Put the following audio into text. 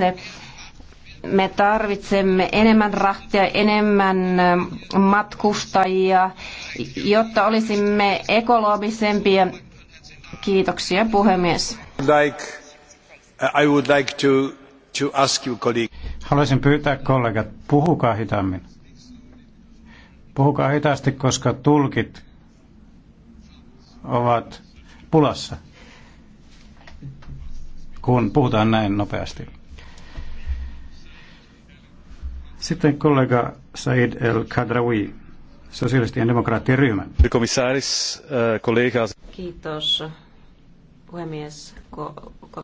tarvitse. Me tarvitsemme enemmän rahtia, enemmän matkustajia, jotta olisimme ekologisempia. Kiitoksia puhemies. Haluaisin pyytää kollegat, puhukaa hitaammin. Puhukaa hitaasti, koska tulkit ovat pulassa, kun puhutaan näin nopeasti. Sitten kollega Said El Kadrawi, sosialistien demokraattien ryhmä. Komissaris, äh, kollegas. Kiitos, puhemies,